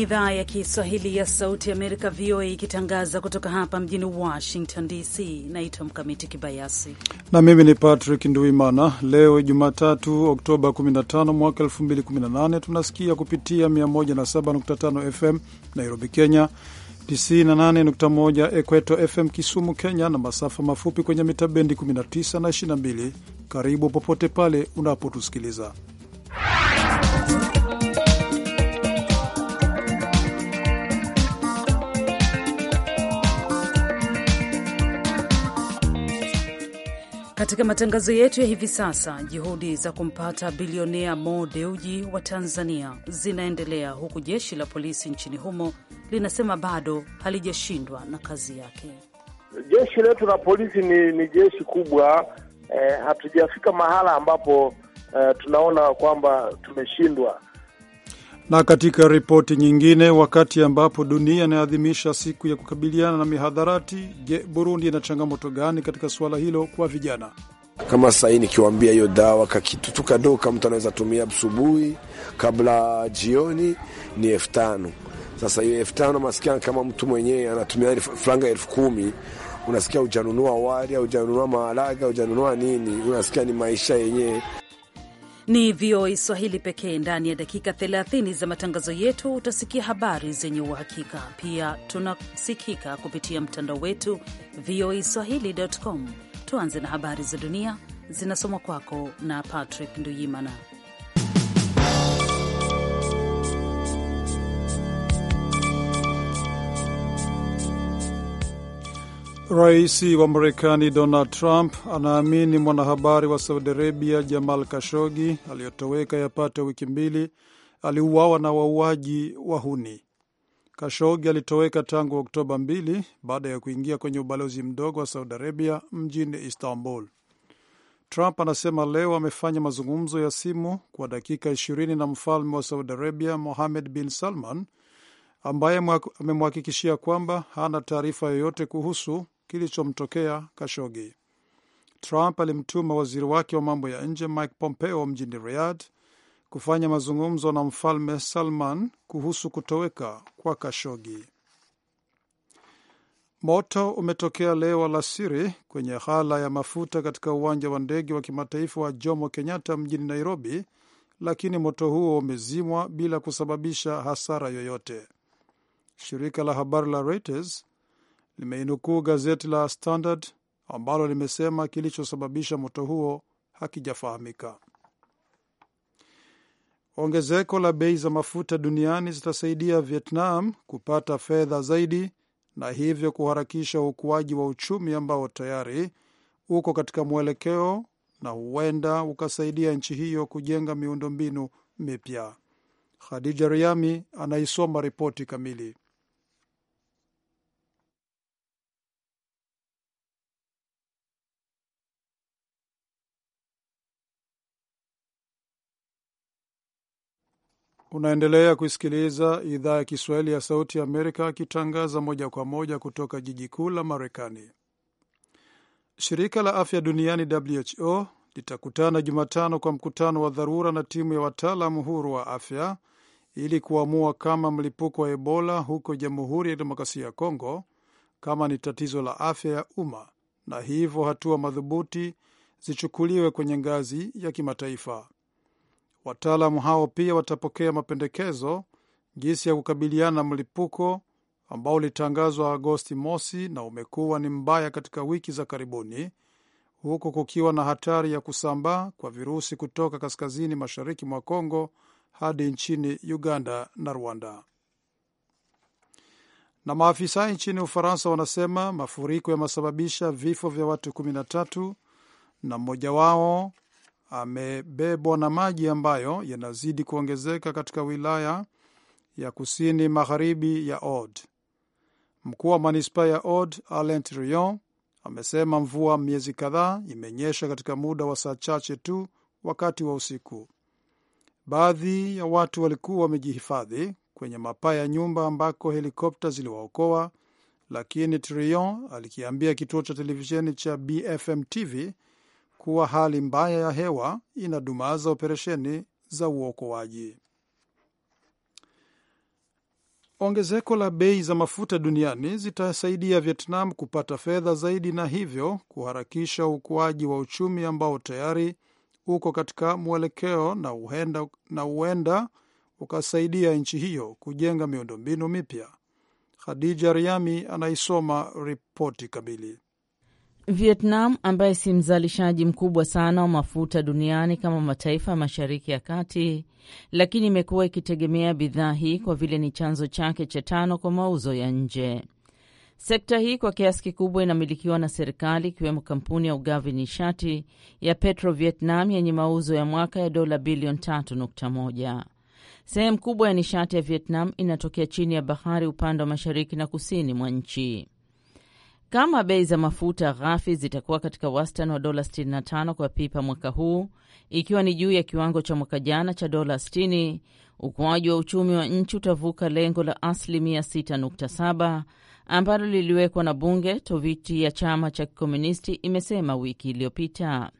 idhaa ya Kiswahili ya Sauti Amerika, VOA, ikitangaza kutoka hapa mjini Washington DC. Naitwa Mkamiti Kibayasi na mimi ni Patrick Nduimana. Leo Jumatatu, Oktoba 15 mwaka 2018, tunasikia kupitia 107.5 FM Nairobi, Kenya, 98.1 Equato FM Kisumu, Kenya, na masafa mafupi kwenye mita bendi 19 na 22. Karibu popote pale unapotusikiliza Katika matangazo yetu ya hivi sasa, juhudi za kumpata bilionea Mo Deuji wa Tanzania zinaendelea huku jeshi la polisi nchini humo linasema bado halijashindwa na kazi yake. Jeshi letu la polisi ni, ni jeshi kubwa eh, hatujafika mahala ambapo eh, tunaona kwamba tumeshindwa. Na katika ripoti nyingine, wakati ambapo dunia inaadhimisha siku ya kukabiliana na mihadharati, je, Burundi ina changamoto gani katika suala hilo kwa vijana? Kama sahii nikiwambia hiyo dawa kakitutu kadoka mtu anaweza tumia asubuhi kabla jioni ni elfu tano. Sasa hiyo elfu tano maskani, kama mtu mwenyewe anatumia franga elfu kumi unasikia ujanunua wali ujanunua maharage ujanunua nini, unasikia ni maisha yenyewe. Ni VOA Swahili pekee. Ndani ya dakika 30 za matangazo yetu utasikia habari zenye uhakika. Pia tunasikika kupitia mtandao wetu VOA Swahili.com. Tuanze na habari za dunia zinasomwa kwako na Patrick Nduyimana. Rais wa Marekani Donald Trump anaamini mwanahabari wa Saudi Arabia Jamal Kashogi aliyotoweka yapata wiki mbili aliuawa na wauaji wa huni Kashogi alitoweka tangu Oktoba mbili baada ya kuingia kwenye ubalozi mdogo wa Saudi Arabia mjini Istanbul. Trump anasema leo amefanya mazungumzo ya simu kwa dakika ishirini na mfalme wa Saudi Arabia Mohamed bin Salman ambaye amemhakikishia kwamba hana taarifa yoyote kuhusu kilichomtokea Kashogi. Trump alimtuma waziri wake wa mambo ya nje Mike Pompeo mjini Riyadh kufanya mazungumzo na mfalme Salman kuhusu kutoweka kwa Kashogi. Moto umetokea leo alasiri kwenye ghala ya mafuta katika uwanja wa ndege wa kimataifa wa Jomo Kenyatta mjini Nairobi, lakini moto huo umezimwa bila kusababisha hasara yoyote. Shirika la habari la Reuters limeinukuu gazeti la Standard ambalo limesema kilichosababisha moto huo hakijafahamika. Ongezeko la bei za mafuta duniani zitasaidia Vietnam kupata fedha zaidi na hivyo kuharakisha ukuaji wa uchumi ambao tayari uko katika mwelekeo na huenda ukasaidia nchi hiyo kujenga miundombinu mipya. Khadija Riami anaisoma ripoti kamili. Unaendelea kuisikiliza idhaa ya Kiswahili ya Sauti ya Amerika akitangaza moja kwa moja kutoka jiji kuu la Marekani. Shirika la Afya Duniani WHO litakutana Jumatano kwa mkutano wa dharura na timu ya wataalam huru wa afya ili kuamua kama mlipuko wa Ebola huko Jamhuri ya Demokrasia ya Kongo kama ni tatizo la afya ya umma na hivyo hatua madhubuti zichukuliwe kwenye ngazi ya kimataifa. Wataalamu hao pia watapokea mapendekezo jinsi ya kukabiliana na mlipuko ambao ulitangazwa Agosti mosi na umekuwa ni mbaya katika wiki za karibuni, huku kukiwa na hatari ya kusambaa kwa virusi kutoka kaskazini mashariki mwa Kongo hadi nchini Uganda na Rwanda. Na maafisa nchini Ufaransa wanasema mafuriko yamesababisha vifo vya watu 13 na mmoja wao amebebwa na maji ambayo yanazidi kuongezeka katika wilaya ya kusini magharibi ya Od. Mkuu wa manispaa ya Od, Alain Trion, amesema mvua miezi kadhaa imenyesha katika muda wa saa chache tu wakati wa usiku. Baadhi ya watu walikuwa wamejihifadhi kwenye mapaa ya nyumba ambako helikopta ziliwaokoa, lakini Trion alikiambia kituo cha televisheni cha BFM TV kuwa hali mbaya ya hewa inadumaza operesheni za uokoaji. Ongezeko la bei za mafuta duniani zitasaidia Vietnam kupata fedha zaidi na hivyo kuharakisha ukuaji wa uchumi ambao tayari uko katika mwelekeo na uenda na ukasaidia nchi hiyo kujenga miundombinu mipya. Khadija Riami anaisoma ripoti kamili. Vietnam ambaye si mzalishaji mkubwa sana wa mafuta duniani kama mataifa ya Mashariki ya Kati, lakini imekuwa ikitegemea bidhaa hii kwa vile ni chanzo chake cha tano kwa mauzo ya nje. Sekta hii kwa kiasi kikubwa inamilikiwa na serikali, ikiwemo kampuni ya ugavi nishati ya Petro Vietnam yenye mauzo ya mwaka ya dola bilioni 3.1. Sehemu kubwa ya nishati ya Vietnam inatokea chini ya bahari upande wa mashariki na kusini mwa nchi. Kama bei za mafuta ghafi zitakuwa katika wastani wa dola 65 kwa pipa mwaka huu, ikiwa ni juu ya kiwango cha mwaka jana cha dola 60, ukuaji wa uchumi wa nchi utavuka lengo la asilimia 6.7 ambalo liliwekwa na bunge, tovuti ya chama cha Kikomunisti imesema wiki iliyopita.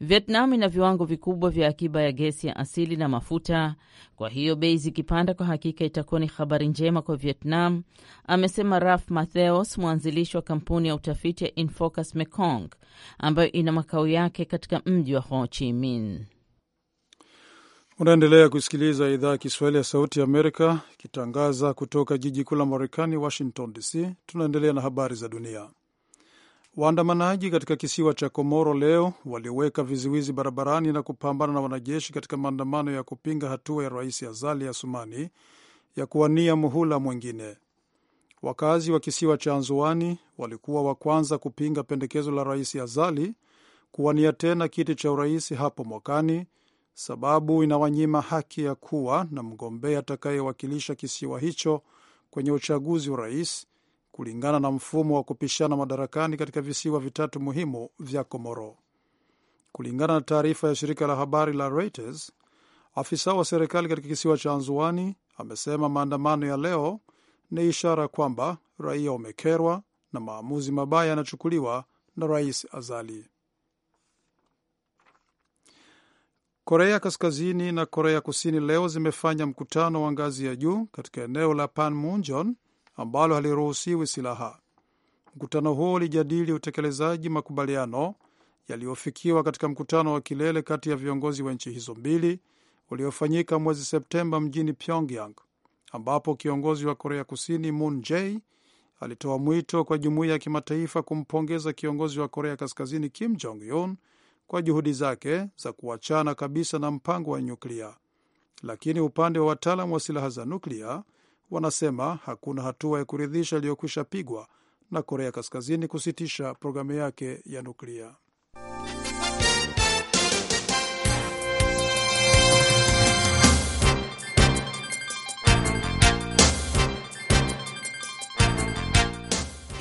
Vietnam ina viwango vikubwa vya akiba ya gesi ya asili na mafuta, kwa hiyo bei zikipanda, kwa hakika itakuwa ni habari njema kwa Vietnam, amesema Ralph Matheos, mwanzilishi wa kampuni ya utafiti ya Infocus Mekong ambayo ina makao yake katika mji wa Ho Chi Minh. Unaendelea kusikiliza idhaa ya Kiswahili ya Sauti ya Amerika ikitangaza kutoka jiji kuu la Marekani, Washington DC. Tunaendelea na habari za dunia. Waandamanaji katika kisiwa cha Komoro leo waliweka vizuizi barabarani na kupambana na wanajeshi katika maandamano ya kupinga hatua ya Rais Azali Asumani ya kuwania muhula mwingine. Wakazi wa kisiwa cha Anzuani walikuwa wa kwanza kupinga pendekezo la Rais Azali kuwania tena kiti cha urais hapo mwakani, sababu inawanyima haki ya kuwa na mgombea atakayewakilisha kisiwa hicho kwenye uchaguzi wa rais kulingana na mfumo wa kupishana madarakani katika visiwa vitatu muhimu vya Komoro. Kulingana na taarifa ya shirika la habari la Reuters, afisa wa serikali katika kisiwa cha Anzuani amesema maandamano ya leo ni ishara kwamba raia wamekerwa na maamuzi mabaya yanachukuliwa na Rais Azali. Korea Kaskazini na Korea Kusini leo zimefanya mkutano wa ngazi ya juu katika eneo la Panmunjom ambalo haliruhusiwi silaha. Mkutano huo ulijadili utekelezaji makubaliano yaliyofikiwa katika mkutano wa kilele kati ya viongozi wa nchi hizo mbili uliofanyika mwezi Septemba mjini Pyongyang, ambapo kiongozi wa Korea Kusini Moon Jae alitoa mwito kwa jumuiya ya kimataifa kumpongeza kiongozi wa Korea Kaskazini Kim Jong Un kwa juhudi zake za kuachana kabisa na mpango wa nyuklia. Lakini upande wa wataalam wa silaha za nuklia wanasema hakuna hatua ya kuridhisha iliyokwisha pigwa na Korea Kaskazini kusitisha programu yake ya nuklia.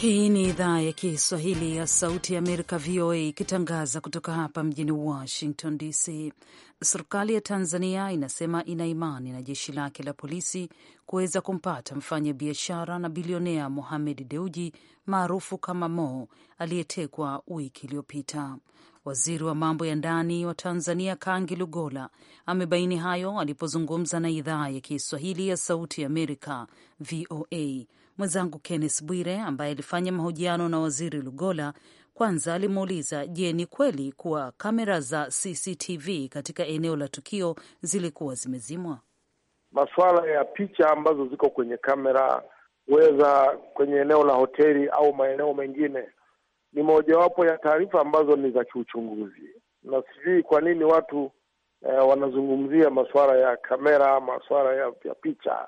Hii ni idhaa ya Kiswahili ya Sauti ya Amerika, VOA, ikitangaza kutoka hapa mjini Washington DC. Serikali ya Tanzania inasema ina imani na jeshi lake la polisi kuweza kumpata mfanya biashara na bilionea Mohamed Deuji maarufu kama Mo aliyetekwa wiki iliyopita. Waziri wa mambo ya ndani wa Tanzania Kangi Lugola amebaini hayo alipozungumza na idhaa ya Kiswahili ya Sauti ya Amerika, VOA, Mwenzangu kennes Bwire ambaye alifanya mahojiano na Waziri Lugola kwanza alimuuliza, je, ni kweli kuwa kamera za CCTV katika eneo la tukio zilikuwa zimezimwa? Masuala ya picha ambazo ziko kwenye kamera weza kwenye eneo la hoteli au maeneo mengine ni mojawapo ya taarifa ambazo ni za kiuchunguzi, na sijui kwa nini watu eh, wanazungumzia masuala ya kamera, masuala ya, ya picha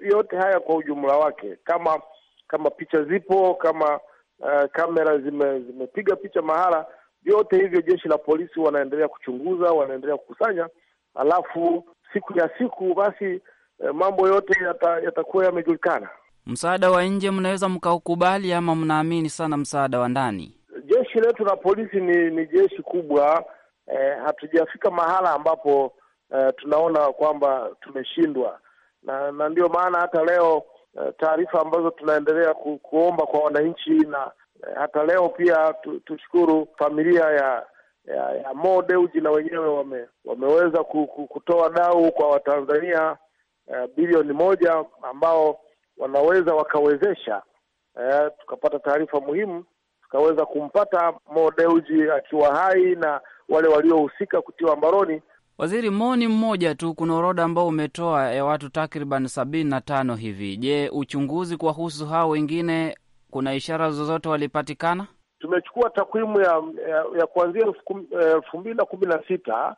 yote haya kwa ujumla wake, kama kama picha zipo, kama uh, kamera zime, zimepiga picha mahala, vyote hivyo jeshi la polisi wanaendelea kuchunguza, wanaendelea kukusanya, alafu siku ya siku basi eh, mambo yote yatakuwa yata yamejulikana. Msaada wa nje mnaweza mkaukubali, ama mnaamini sana msaada wa ndani? Jeshi letu la polisi ni, ni jeshi kubwa eh, hatujafika mahala ambapo eh, tunaona kwamba tumeshindwa na, na ndiyo maana hata leo eh, taarifa ambazo tunaendelea ku, kuomba kwa wananchi na eh, hata leo pia tu, tushukuru familia ya ya, ya Mo Dewji na wenyewe wame, wameweza ku, ku, kutoa dau kwa Watanzania uh, bilioni moja ambao wanaweza wakawezesha uh, tukapata taarifa muhimu tukaweza kumpata Mo Dewji akiwa hai na wale waliohusika kutiwa mbaroni Waziri Moni, mmoja tu, kuna orodha ambao umetoa ya watu takriban sabini na tano hivi. Je, uchunguzi kuwahusu hao wengine, kuna ishara zozote walipatikana? Tumechukua takwimu ya, ya, ya kuanzia elfu mbili na kumi na sita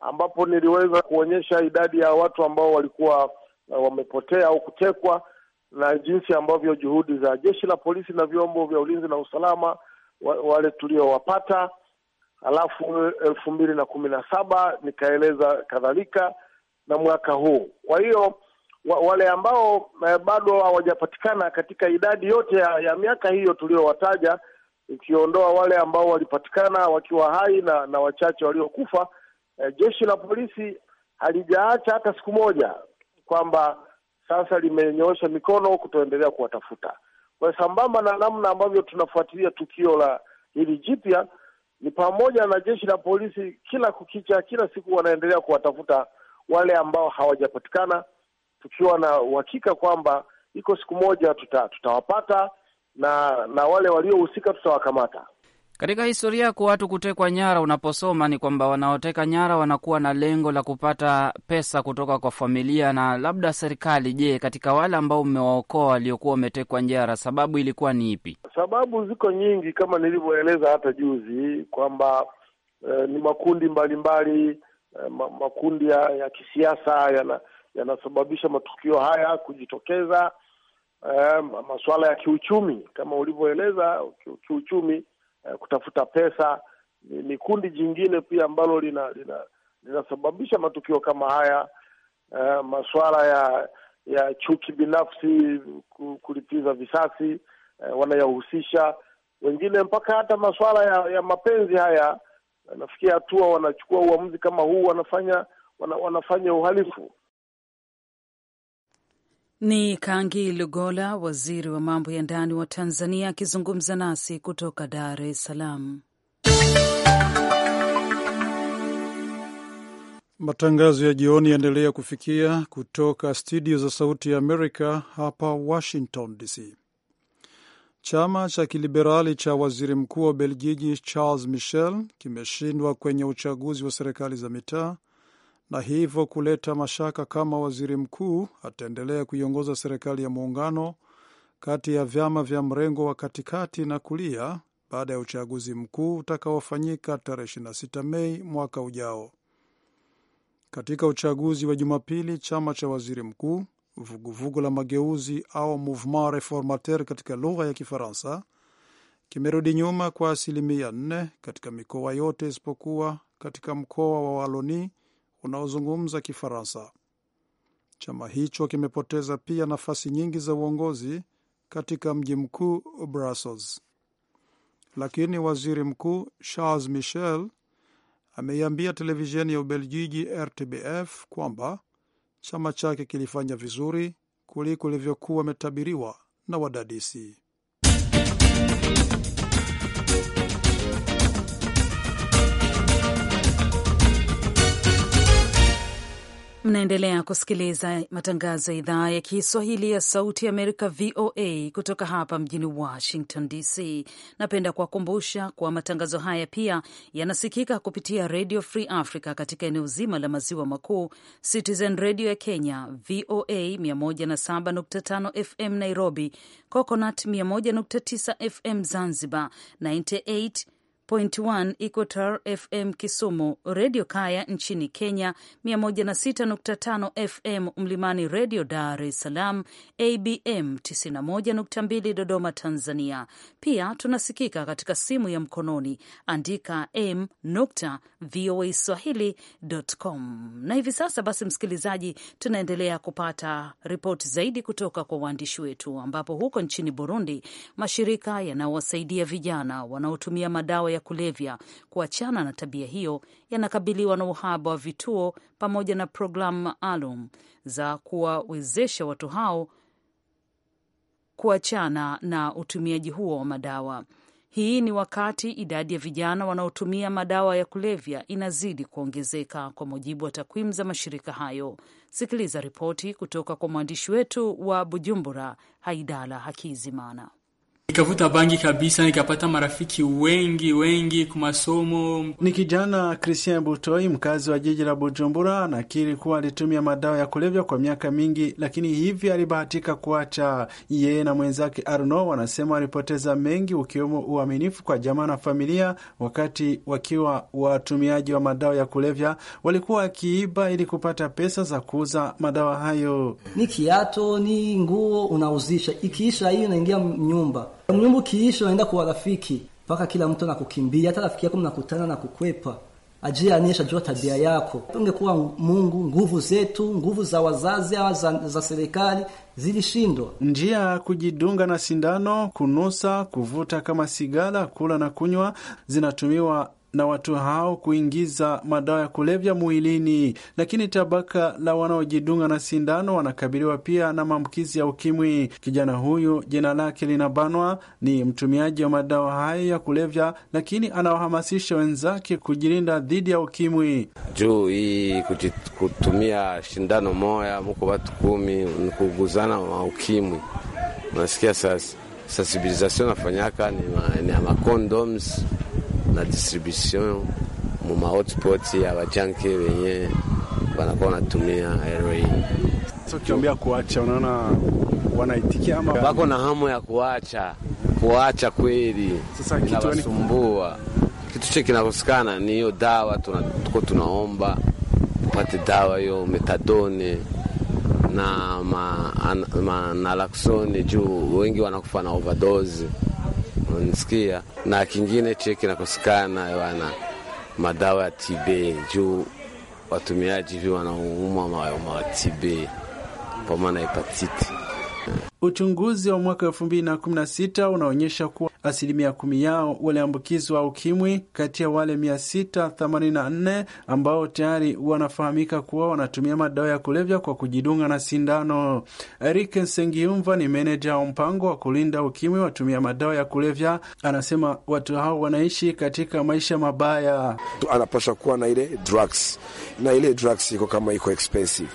ambapo niliweza kuonyesha idadi ya watu ambao walikuwa eh, wamepotea au kutekwa na jinsi ambavyo juhudi za jeshi la polisi na vyombo vya ulinzi na usalama wale tuliowapata alafu elfu mbili na kumi na saba nikaeleza kadhalika na mwaka huu. Kwa hiyo wa, wale ambao eh, bado hawajapatikana katika idadi yote ya, ya miaka hiyo tuliyowataja, ikiondoa wale ambao walipatikana wakiwa hai na, na wachache waliokufa, eh, jeshi la polisi halijaacha hata siku moja kwamba sasa limenyoosha mikono kutoendelea kuwatafuta. Kwa sambamba na namna ambavyo tunafuatilia tukio la hili jipya ni pamoja na jeshi la polisi, kila kukicha, kila siku wanaendelea kuwatafuta wale ambao hawajapatikana, tukiwa na uhakika kwamba iko siku moja tuta, tutawapata na na wale waliohusika tutawakamata. Katika historia yako watu kutekwa nyara, unaposoma ni kwamba wanaoteka nyara wanakuwa na lengo la kupata pesa kutoka kwa familia na labda serikali. Je, katika wale ambao mmewaokoa waliokuwa wametekwa nyara, sababu ilikuwa ni ipi? Sababu ziko nyingi, kama nilivyoeleza hata juzi kwamba eh, ni makundi mbalimbali eh, makundi ya, ya kisiasa yanasababisha ya matukio haya kujitokeza. Eh, masuala ya kiuchumi kama ulivyoeleza, kiuchumi Eh, kutafuta pesa ni, ni kundi jingine pia ambalo linasababisha lina, lina matukio kama haya uh, eh, masuala ya ya chuki binafsi, kulipiza visasi uh, wanayahusisha wengine mpaka hata masuala ya, ya mapenzi haya. Nafikia hatua wanachukua uamuzi kama huu, wanafanya wana, wanafanya uhalifu. Ni Kangi Lugola, waziri wa mambo ya ndani wa Tanzania, akizungumza nasi kutoka Dar es Salaam. Matangazo ya jioni yaendelea kufikia kutoka studio za Sauti ya Amerika hapa Washington DC. Chama cha kiliberali cha waziri mkuu wa Belgiji Charles Michel kimeshindwa kwenye uchaguzi wa serikali za mitaa na hivyo kuleta mashaka kama waziri mkuu ataendelea kuiongoza serikali ya muungano kati ya vyama vya mrengo wa katikati na kulia baada ya uchaguzi mkuu utakaofanyika tarehe 26 Mei mwaka ujao. Katika uchaguzi wa Jumapili, chama cha waziri mkuu vuguvugu vugu la mageuzi au Mouvement Reformateur katika lugha ya Kifaransa kimerudi nyuma kwa asilimia 4 katika mikoa yote isipokuwa katika mkoa wa Waloni unaozungumza Kifaransa. Chama hicho kimepoteza pia nafasi nyingi za uongozi katika mji mkuu Brussels, lakini waziri mkuu Charles Michel ameiambia televisheni ya Ubelgiji RTBF kwamba chama chake kilifanya vizuri kuliko ilivyokuwa imetabiriwa na wadadisi. Mnaendelea kusikiliza matangazo ya idhaa ya Kiswahili ya Sauti Amerika, VOA, kutoka hapa mjini Washington DC. Napenda kuwakumbusha kuwa matangazo haya pia yanasikika kupitia Radio Free Africa katika eneo zima la maziwa makuu, Citizen Radio ya Kenya, VOA 107.5 FM Nairobi, Coconut 101.9 FM Zanzibar, 98 100.1 Equator FM Kisumu, Redio Kaya nchini Kenya 106.5 FM, Mlimani Redio Dar es Salaam, ABM 91.2 Dodoma Tanzania. Pia tunasikika katika simu ya mkononi, andika m voa swahili.com. Na hivi sasa basi, msikilizaji, tunaendelea kupata ripoti zaidi kutoka kwa waandishi wetu, ambapo huko nchini Burundi mashirika yanayowasaidia vijana wanaotumia madawa ya kulevya kuachana na tabia hiyo yanakabiliwa na uhaba wa vituo pamoja na programu maalum za kuwawezesha watu hao kuachana na utumiaji huo wa madawa. Hii ni wakati idadi ya vijana wanaotumia madawa ya kulevya inazidi kuongezeka kwa mujibu wa takwimu za mashirika hayo. Sikiliza ripoti kutoka kwa mwandishi wetu wa Bujumbura, Haidala Hakizimana nikavuta bangi kabisa, nikapata marafiki wengi wengi kwa masomo. Ni kijana Christian Butoi, mkazi wa jiji la Bujumbura, anakiri kuwa alitumia madawa ya kulevya kwa miaka mingi, lakini hivi alibahatika kuacha. Yeye na mwenzake Arno wanasema walipoteza mengi, ukiwemo uaminifu kwa jamaa na familia. Wakati wakiwa watumiaji wa madawa ya kulevya, walikuwa wakiiba ili kupata pesa za kuuza madawa hayo. Ni kiato, ni nguo unauzisha, ikiisha hiyo naingia nyumba Mnyumbu kiisho naenda kuwa rafiki mpaka kila mtu nakukimbia, hata rafiki yako mnakutana na kukwepa. Ajia jua tabia yako. Ungekuwa Mungu, nguvu zetu, nguvu za wazazi au za, za serikali zilishindwa. Njia ya kujidunga na sindano, kunusa, kuvuta kama sigara, kula na kunywa zinatumiwa na watu hao kuingiza madawa ya kulevya mwilini, lakini tabaka la wanaojidunga na sindano wanakabiliwa pia na maambukizi ya ukimwi. Kijana huyu jina lake linabanwa, ni mtumiaji wa madawa hayo ya kulevya, lakini anawahamasisha wenzake kujilinda dhidi ya ukimwi. Juu hii kutumia shindano moya, muko watu kumi nikuguzana wa ukimwi, unasikia sasa sensibilizasio nafanyaka ni, ya ma na distribution mu ma hotspot ya wajanke wenye wanakuwa wanatumia heroin. So kiambia kuacha, unaona wanaitikia ama wako na hamu ya kuacha, kuacha kweli inawasumbua. Kitu che kinakosekana ni hiyo dawa, tuko tunaomba upate dawa hiyo metadone na ma, an, ma juu wengi wanakufa na overdose unisikia. Na kingine cheki nakosekana wana madawa ya TB juu watumiaji hivi wanaumwa ma TB kwa maana hepatiti. Uchunguzi wa mwaka 2016 unaonyesha kuwa asilimia kumi yao waliambukizwa ukimwi kati ya wale nne ambao tayari wanafahamika kuwa wanatumia madawa ya kulevya kwa kujidunga na sindano. Eric Sengiumva ni meneja wa mpango wa kulinda ukimwi watumia madawa ya kulevya, anasema watu hao wanaishi katika maisha mabaya. Anapasha kuwa na ile drugs, na ile drugs iko kama iko expensive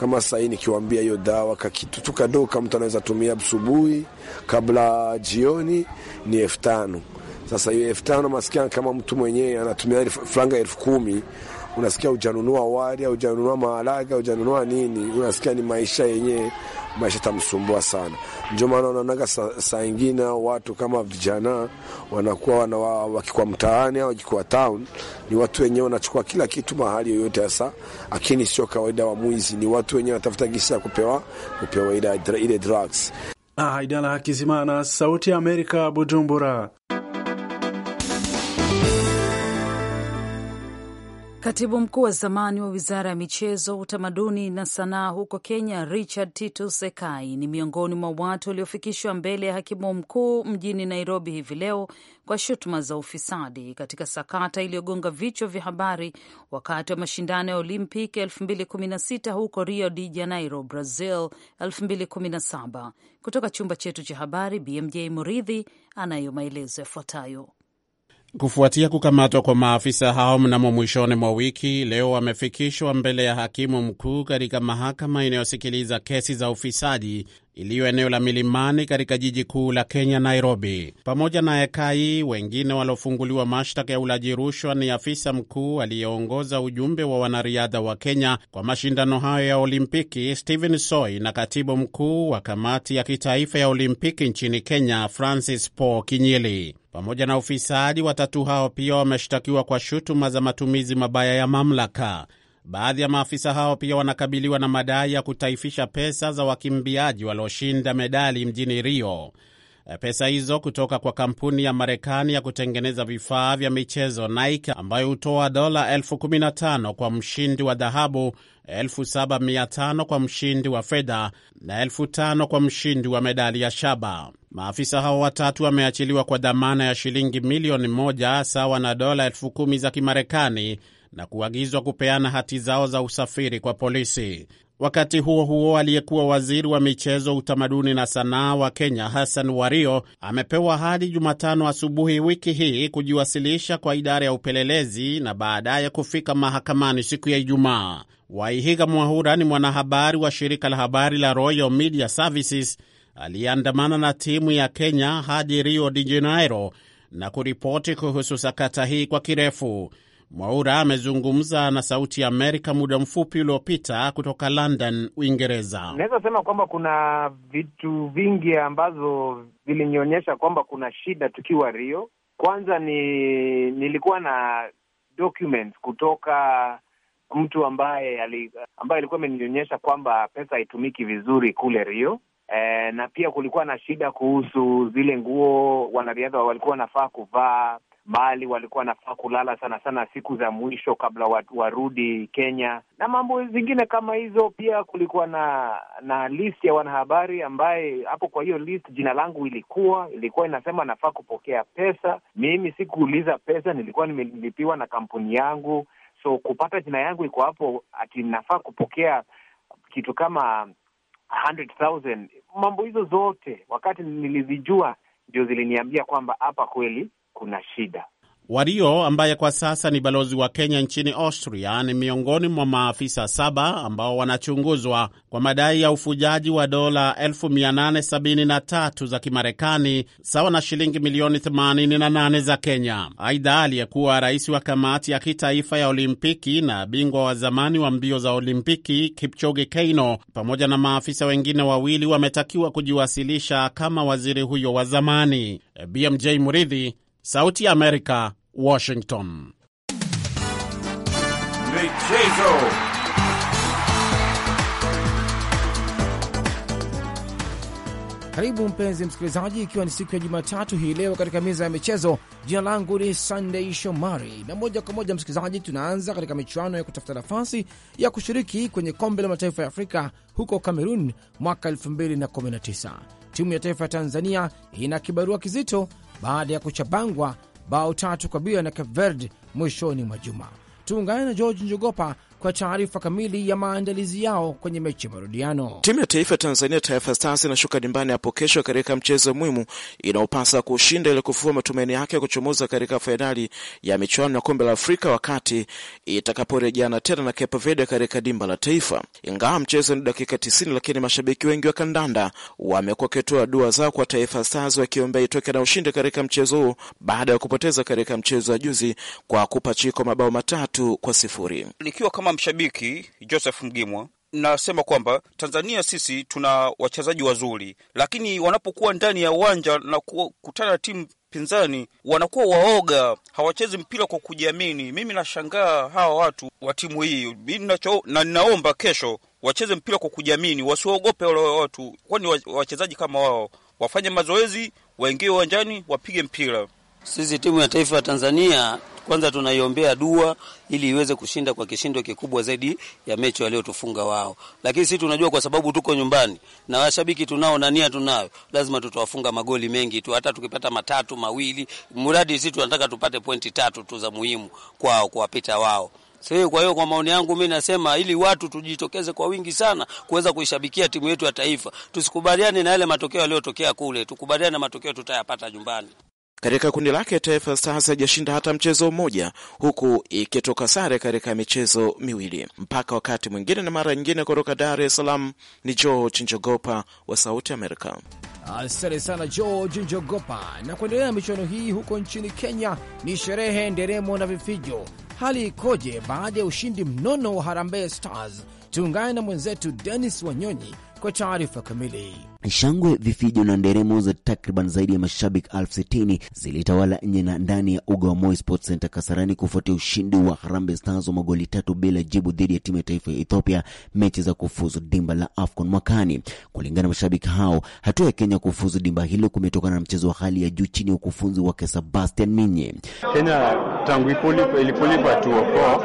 kama sahii nikiwambia hiyo dawa kakitu tu kadogo, kama mtu anaweza tumia asubuhi kabla jioni, ni elfu tano. Sasa hiyo elfu tano maskani, kama mtu mwenyewe anatumia franga elfu kumi unasikia ujanunua wali au ujanunua maharage ujanunua nini, unasikia ni maisha yenyewe, maisha tamsumbua sana. Ndio maana unaonaga saa ingine watu kama vijana wanakuwa wana, wakikuwa mtaani au wakikuwa town, ni watu wenyewe wanachukua kila kitu mahali yoyote hasa, lakini sio kawaida wa mwizi, ni watu wenyewe wanatafuta gisi ya kupewa, kupewa ile drugs. Ah, Idala Hakizimana, Sauti ya Amerika, Bujumbura. Katibu mkuu wa zamani wa wizara ya michezo, utamaduni na sanaa huko Kenya, Richard Titus Sekai ni miongoni mwa watu waliofikishwa mbele ya hakimu mkuu mjini Nairobi hivi leo kwa shutuma za ufisadi katika sakata iliyogonga vichwa vya habari wakati wa mashindano ya olympic 2016 huko Rio de Janeiro, Brazil 2017. Kutoka chumba chetu cha habari, BMJ Muridhi anayo maelezo yafuatayo. Kufuatia kukamatwa kwa maafisa hao mnamo mwishoni mwa wiki, leo wamefikishwa mbele ya hakimu mkuu katika mahakama inayosikiliza kesi za ufisadi iliyo eneo la milimani katika jiji kuu la Kenya, Nairobi. Pamoja na Ekai, wengine waliofunguliwa mashtaka ya ulaji rushwa ni afisa mkuu aliyeongoza ujumbe wa wanariadha wa Kenya kwa mashindano hayo ya Olimpiki, Stephen Soi, na katibu mkuu wa kamati ya kitaifa ya Olimpiki nchini Kenya, Francis Paul Kinyili. Pamoja na ufisadi, watatu hao pia wameshtakiwa kwa shutuma za matumizi mabaya ya mamlaka. Baadhi ya maafisa hao pia wanakabiliwa na madai ya kutaifisha pesa za wakimbiaji walioshinda medali mjini Rio. E, pesa hizo kutoka kwa kampuni ya Marekani ya kutengeneza vifaa vya michezo Nike, ambayo hutoa dola elfu kumi na tano kwa mshindi wa dhahabu, elfu saba mia tano kwa mshindi wa fedha na elfu tano kwa mshindi wa medali ya shaba. Maafisa hao watatu wameachiliwa kwa dhamana ya shilingi milioni moja sawa na dola elfu kumi za Kimarekani na kuagizwa kupeana hati zao za usafiri kwa polisi. Wakati huo huo, aliyekuwa waziri wa michezo, utamaduni na sanaa wa Kenya Hassan Wario amepewa hadi Jumatano asubuhi wiki hii kujiwasilisha kwa idara ya upelelezi na baadaye kufika mahakamani siku ya Ijumaa. Waihiga Mwahura ni mwanahabari wa shirika la habari la Royal Media Services aliyeandamana na timu ya Kenya hadi Rio de Janeiro na kuripoti kuhusu sakata hii kwa kirefu. Mwaura amezungumza na Sauti ya Amerika muda mfupi uliopita kutoka London, Uingereza. Naweza sema kwamba kuna vitu vingi ambazo vilinionyesha kwamba kuna shida tukiwa Rio. Kwanza ni nilikuwa na documents kutoka mtu ambaye ali, ambaye alikuwa amenionyesha kwamba pesa haitumiki vizuri kule Rio. E, na pia kulikuwa na shida kuhusu zile nguo wanariadha walikuwa wanafaa kuvaa bali walikuwa wanafaa kulala sana sana siku za mwisho kabla warudi Kenya na mambo zingine kama hizo. Pia kulikuwa na na list ya wanahabari ambaye hapo kwa hiyo list jina langu ilikuwa ilikuwa inasema nafaa kupokea pesa. Mimi sikuuliza pesa, nilikuwa nimelipiwa na kampuni yangu, so kupata jina yangu iko hapo ati nafaa kupokea kitu kama 100,000. Mambo hizo zote wakati nilizijua ndio ziliniambia kwamba hapa kweli kuna shida. Wario ambaye kwa sasa ni balozi wa Kenya nchini Austria ni miongoni mwa maafisa saba ambao wanachunguzwa kwa madai ya ufujaji wa dola 873 za Kimarekani sawa na shilingi milioni 88 za Kenya. Aidha, aliyekuwa rais wa kamati ya kitaifa ya Olimpiki na bingwa wa zamani wa mbio za Olimpiki Kipchoge Keino pamoja na maafisa wengine wawili wametakiwa kujiwasilisha kama waziri huyo wa zamani. Eh, BMJ Muridhi Sauti ya Amerika, Washington. Michezo. Karibu mpenzi msikilizaji, ikiwa ni siku ya Jumatatu hii leo katika meza ya michezo. Jina langu ni Sunday Shomari na moja kwa moja msikilizaji, tunaanza katika michuano ya kutafuta nafasi ya kushiriki kwenye kombe la mataifa ya Afrika huko Kamerun mwaka 2019. Timu ya taifa ya Tanzania ina kibarua kizito baada ya kuchabangwa bao tatu kwa bila na Cape Verde mwishoni mwa juma. Tuungane na George Njogopa kwa taarifa kamili ya maandalizi yao kwenye mechi ya marudiano. Timu ya taifa ya Tanzania, Taifa Stars, inashuka dimbani hapo kesho katika mchezo muhimu inaopasa kushinda ili kufua matumaini yake ya kuchomoza katika fainali ya michuano ya kombe la Afrika wakati itakaporejeana tena na Cape Verde katika dimba la Taifa. Ingawa mchezo ni dakika 90, lakini mashabiki wengi wa kandanda wamekuwa wakitoa dua zao kwa Taifa Stars wakiombea itoke na ushindi katika mchezo huu baada ya kupoteza katika mchezo wa juzi kwa kupachikwa mabao matatu kwa sifuri. Nikiwa kama kama mshabiki Joseph Mgimwa nasema kwamba Tanzania sisi tuna wachezaji wazuri, lakini wanapokuwa ndani ya uwanja na kukutana timu pinzani wanakuwa waoga, hawachezi mpira kwa kujiamini. Mimi nashangaa hawa watu wa timu hii nacho, na ninaomba kesho wacheze mpira kwa kujiamini, wasiogope wale watu, kwani wachezaji kama wao wafanye mazoezi, waingie uwanjani, wapige mpira. Sisi timu ya taifa ya Tanzania kwanza tunaiombea dua ili iweze kushinda kwa kishindo kikubwa zaidi ya mechi waliotufunga wao, lakini sisi tunajua kwa sababu tuko nyumbani na washabiki tunao na nia tunayo, lazima tutawafunga magoli mengi tu, hata tukipata matatu mawili, mradi sisi tunataka tupate pointi tatu tu za muhimu kwao, kuwapita wao. So, kwa hiyo kwa maoni yangu mimi nasema ili watu tujitokeze kwa wingi sana kuweza kuishabikia timu yetu ya taifa. Tusikubaliane na yale matokeo yaliyotokea kule, tukubaliane na matokeo tutayapata nyumbani. Katika kundi lake Taifa Stars ajashinda hata mchezo mmoja, huku ikitoka sare katika michezo miwili. Mpaka wakati mwingine na mara nyingine, kutoka Dar es Salaam ni George Njogopa wa Sauti Amerika. Asante sana George Njogopa. Na kuendelea michuano hii huko nchini Kenya, ni sherehe, nderemo na vifijo. Hali ikoje baada ya ushindi mnono wa Harambee Stars Tuungane na mwenzetu Denis Wanyonyi kwa taarifa kamili. Shangwe, vifijo na nderemo za takriban zaidi ya mashabiki elfu sitini zilitawala nje na ndani ya uga wa Moi Sports Center Kasarani kufuatia ushindi wa Harambee Stars wa magoli tatu bila jibu dhidi ya timu ya taifa ya Ethiopia mechi za kufuzu dimba la AFCON mwakani. Kulingana na mashabiki hao, hatua ya Kenya kufuzu dimba hilo kumetokana na mchezo wa hali ya juu chini ya ukufunzi wake Sebastian Minye. Kenya tangu ilipolipa tuokoa,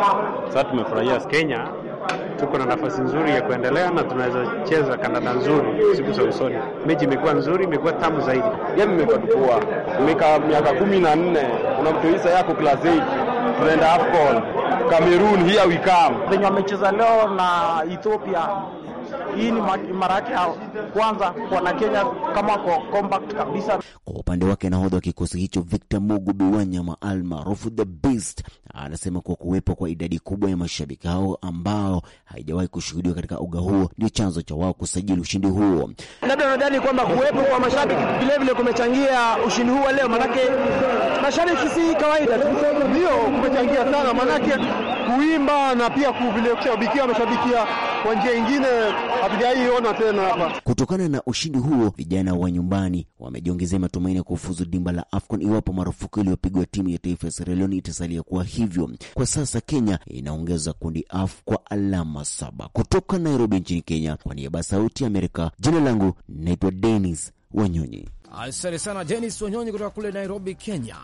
sasa tumefurahia Kenya tuko na nafasi nzuri ya kuendelea na tunaweza cheza kandanda nzuri siku za usoni. Mechi imekuwa nzuri, imekuwa tamu zaidi. Game imekuwa tukua mika miaka kumi na nne unamtoisa yako class 8 tunaenda AFCON Cameroon, here we come. Venye wamecheza leo na Ethiopia hii ni mara yake ya kwanza kwa na Kenya kama kwa compact kabisa. Kwa upande wake nahodha wa kikosi hicho Victor Mugubi Wanyama almaarufu The Beast anasema kuwa kuwepo kwa idadi kubwa ya mashabiki hao ambao haijawahi kushuhudiwa katika uga huo ndio chanzo cha wao kusajili ushindi huo. Labda nadhani kwamba kuwepo kwa mashabiki vilevile kumechangia ushindi huu wa leo, manake mashabiki si kawaida tu, ndio kumechangia sana manake kuimba na pia kushabikia, wameshabikia kwa njia ingine hatujaiona tena hapa. Kutokana na ushindi huo, vijana wa nyumbani wamejiongezea matumaini ya kufuzu dimba la AFCON iwapo marufuku iliyopigwa timu ya taifa ya Sierra Leone itasalia kuwa hivyo. Kwa sasa Kenya inaongeza kundi AF kwa alama saba. Kutoka Nairobi nchini Kenya, kwa niaba ya Sauti ya Amerika, jina langu naitwa Dennis Wanyonyi. Asante sana Dennis Wanyonyi kutoka kule Nairobi, Kenya.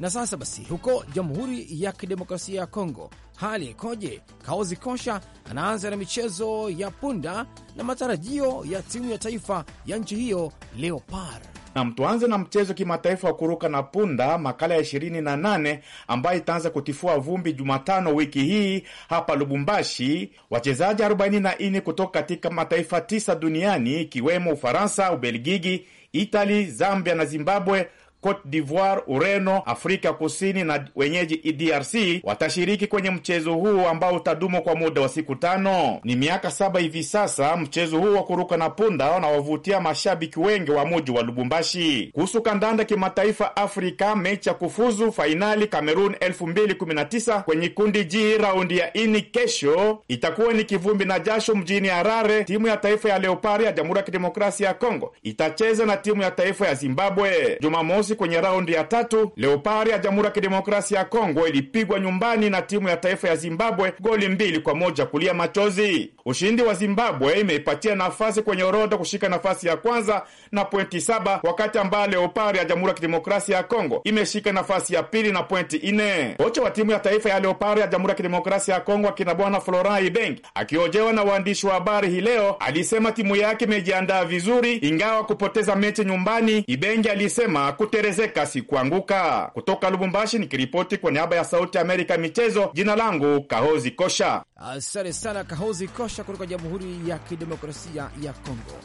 Na sasa basi, huko Jamhuri ya Kidemokrasia ya Kongo hali ikoje? Kaozi Kosha anaanza na michezo ya punda na matarajio ya timu ya taifa ya nchi hiyo Leopard. nam tuanze na mchezo kimataifa wa kuruka na punda makala ya 28 ambayo itaanza kutifua vumbi Jumatano wiki hii hapa Lubumbashi. Wachezaji 44 kutoka katika mataifa tisa duniani ikiwemo Ufaransa, Ubelgiji, Itali, Zambia na Zimbabwe Cote d'Ivoire, Ureno, Afrika Kusini na wenyeji DRC watashiriki kwenye mchezo huu ambao utadumu kwa muda wa siku tano. Ni miaka saba hivi sasa mchezo huu wa kuruka na punda unawavutia mashabiki wengi wa muji wa Lubumbashi. Kuhusu kandanda kimataifa Afrika, mechi ya kufuzu fainali Kamerun 2019 kwenye kundi G raundi ya ini kesho itakuwa ni kivumbi na jasho mjini Harare. Timu ya taifa ya Leopari ya Jamhuri ya Kidemokrasia ya Kongo itacheza na timu ya taifa ya Zimbabwe Jumamosi mechi kwenye raundi ya tatu, Leopari ya Jamhuri ya Kidemokrasia ya Kongo ilipigwa nyumbani na timu ya taifa ya Zimbabwe goli mbili kwa moja kulia machozi. Ushindi wa Zimbabwe imeipatia nafasi kwenye orodha kushika nafasi ya kwanza na pointi saba, wakati ambayo Leopari ya Jamhuri ya Kidemokrasia ya Kongo imeshika nafasi ya pili na pointi nne. Kocha wa timu ya taifa ya Leopari ya Jamhuri ya Kidemokrasia ya Kongo akina Bwana Florent akiojewa na waandishi wa habari hii leo alisema timu yake imejiandaa vizuri, ingawa kupoteza mechi nyumbani. Ibenge alisema kute imeongezeka si kuanguka. Kutoka Lubumbashi nikiripoti kwa niaba ya Sauti Amerika michezo, jina langu Kahozi Kosha. Asante sana Kahozi Kosha kutoka Jamhuri ya Kidemokrasia ya Kongo.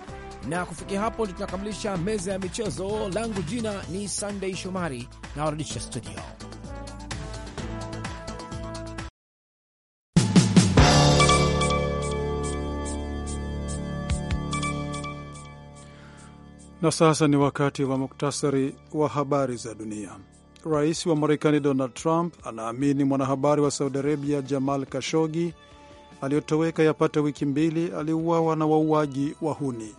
Na kufikia hapo ndio tunakamilisha meza ya michezo. Langu jina ni sandei Shomari na warudisha studio. Na sasa ni wakati wa muktasari wa habari za dunia. Rais wa Marekani Donald Trump anaamini mwanahabari wa Saudi Arabia Jamal Kashogi aliyotoweka yapata wiki mbili aliuawa na wauaji wa Huni.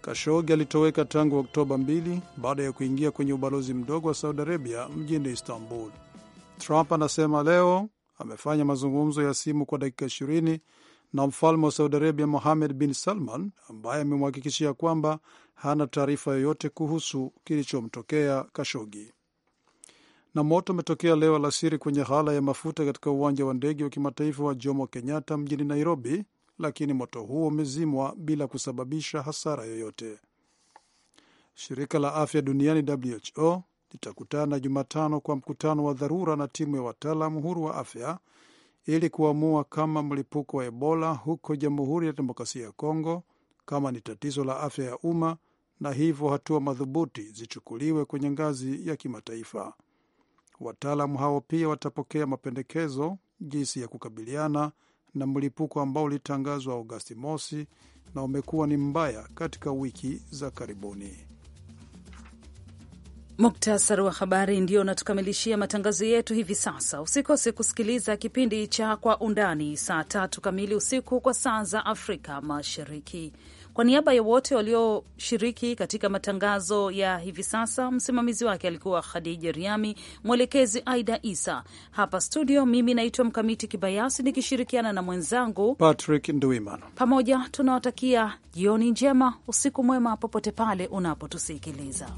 Kashogi alitoweka tangu Oktoba 2 baada ya kuingia kwenye ubalozi mdogo wa Saudi Arabia mjini Istanbul. Trump anasema leo amefanya mazungumzo ya simu kwa dakika na mfalme wa Saudi Arabia muhamed bin Salman, ambaye amemhakikishia kwamba hana taarifa yoyote kuhusu kilichomtokea Kashogi. Na moto umetokea leo alasiri kwenye ghala ya mafuta katika uwanja wa ndege wa kimataifa wa Jomo Kenyatta mjini Nairobi, lakini moto huo umezimwa bila kusababisha hasara yoyote. Shirika la afya duniani WHO litakutana Jumatano kwa mkutano wa dharura na timu ya wataalam huru wa afya ili kuamua kama mlipuko wa Ebola huko Jamhuri ya Demokrasia ya Kongo kama ni tatizo la afya ya umma na hivyo hatua madhubuti zichukuliwe kwenye ngazi ya kimataifa. Wataalamu hao pia watapokea mapendekezo jinsi ya kukabiliana na mlipuko ambao ulitangazwa Agosti mosi na umekuwa ni mbaya katika wiki za karibuni. Muktasari wa habari ndio unatukamilishia matangazo yetu hivi sasa. Usikose kusikiliza kipindi cha Kwa Undani saa tatu kamili usiku kwa saa za Afrika Mashariki. Kwa niaba ya wote walioshiriki katika matangazo ya hivi sasa, msimamizi wake alikuwa Khadija Riami, mwelekezi Aida Isa. Hapa studio, mimi naitwa Mkamiti Kibayasi nikishirikiana na mwenzangu Patrick Nduiman. Pamoja tunawatakia jioni njema, usiku mwema, popote pale unapotusikiliza.